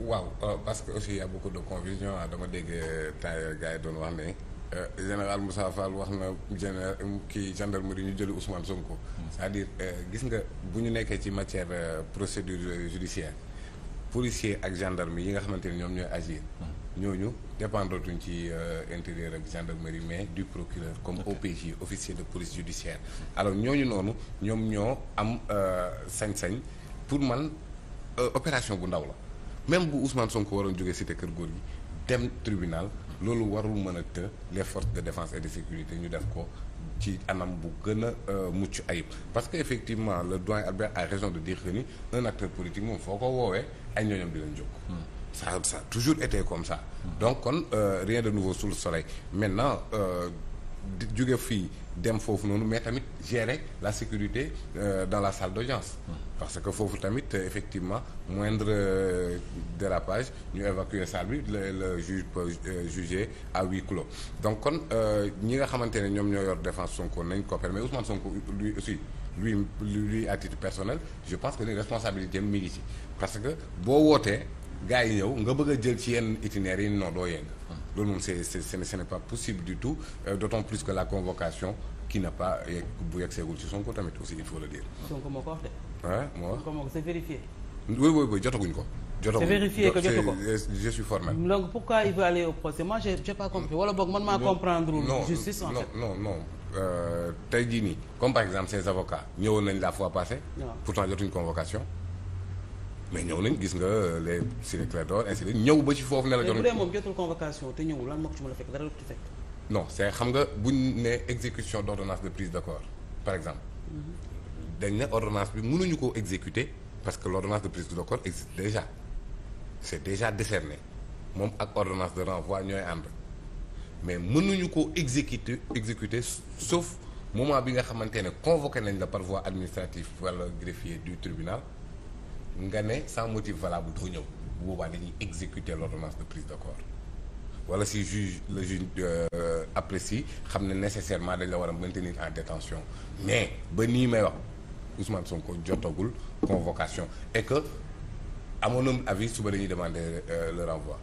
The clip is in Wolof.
waaw parce que aussi y ko beaucoup de confusion ah dama dégg euh, temps yooyu gars yi doon wax ne. Euh, général Moussa Fall wax na général um, kii gendarmerie ñu jëli Ousmane Sonko. Hmm. c'est-à-dire euh, gis nga bu ñu nekkee ci matière procédure judiciaire policier ak gendarme yi nga xamante ni ñoom ñooy agir. Hmm. ñooñu dépendre tuñ ci intérieur ak gendarmerie mais du procureur comme OPJ officier de police judiciaire. alors ñooñu noonu ñoom ñoo am sañ-sañ pour man opération bu ndaw la. même bu Ousmane Sonko waroon jógee cité kër góor gi dem tribunal loolu warul mën a të les force de défense et de sécurité ñu def ko ci anam bu gën a euh, mucc ayib parce que effectivement le doyen Albert a raison de dire que ni un acteur politique moom foo ko woowee ay ñooñam di leen jóg. Hmm. ça ça a toujours été comme ça. Hmm. donc kon euh, rien de nouveau sous le soleil maintenant. Euh, jóge fii dem foofu noonu mais tamit gérer la sécurité euh, dans la salle d'audience parce que foofu tamit euh, effectivement moindre euh, dérapage ñu évacuer salle bi le, le juge peut euh, juger à huis clos donc kon euh, ñi nga xamante ne ñoom ñoo yor défense Sonko nañ ko permettre Ousmane Sonko lui aussi lui lui à personnel je pense que ni responsabilité mi ngi ci parce que boo wootee gars yi ñëw nga bëgg a jël ci yenn itinéraire yi non doo yëng loolu moom c'est c'est ce n'est pas possible du tout euh, d'autant plus que la convocation qui n'a pas bu yegseegul ci Sonko tamit aussi il faut le dire. Sonko moo ko wax de. ah moo wax Sonko moo ko c'est vérifié. oui oui oui jotaguñ ko. jotaguñ c'est vérifié que jotu ko euh, je suis formel. donc pourquoi il veut aller au procès moi j'ai j'ai pas compris wala boog man maa comprendre. justice en fait non non non. Euh, tey jii nii comme par exemple ces avocats ñëwoon nañ la fois passée. pourtant jotuñ convocation. mais ñëw nañ gis nga les Ciré Clédor ainsi de ñëw ba ci foofu ne la. doon mais bu dee moom jotul convocation te ñëwul lan moo ko ci mën a fekk dara du ci fekk. non c'est xam nga buñ ne exécution d'ordonnance de prise d'accord par exemple. Mhm. dañ ne ordonnance bi mënuñu ko exécuter parce que l'ordonnance de prise d'accord existe déjà c'est déjà décerné moom ak ordonnance de renvoi ñooy ànd mais mënuñu ko exécuter exécuter sauf moment bi nga xamante ne convoqué nañ la par voie administrative wala greffier du tribunal. nga ne sans motif valable du ñëw bu boobaa dañuy exécuter l'ordonnance de prise de corps wala si juge le juge euh, apprécie xam ne nécessairement dañ la war a maintenir en détention mais ba nii may wax Ousmane Sonko jotagul convocation et que amoon na avis suba dañuy demander euh, le renvoi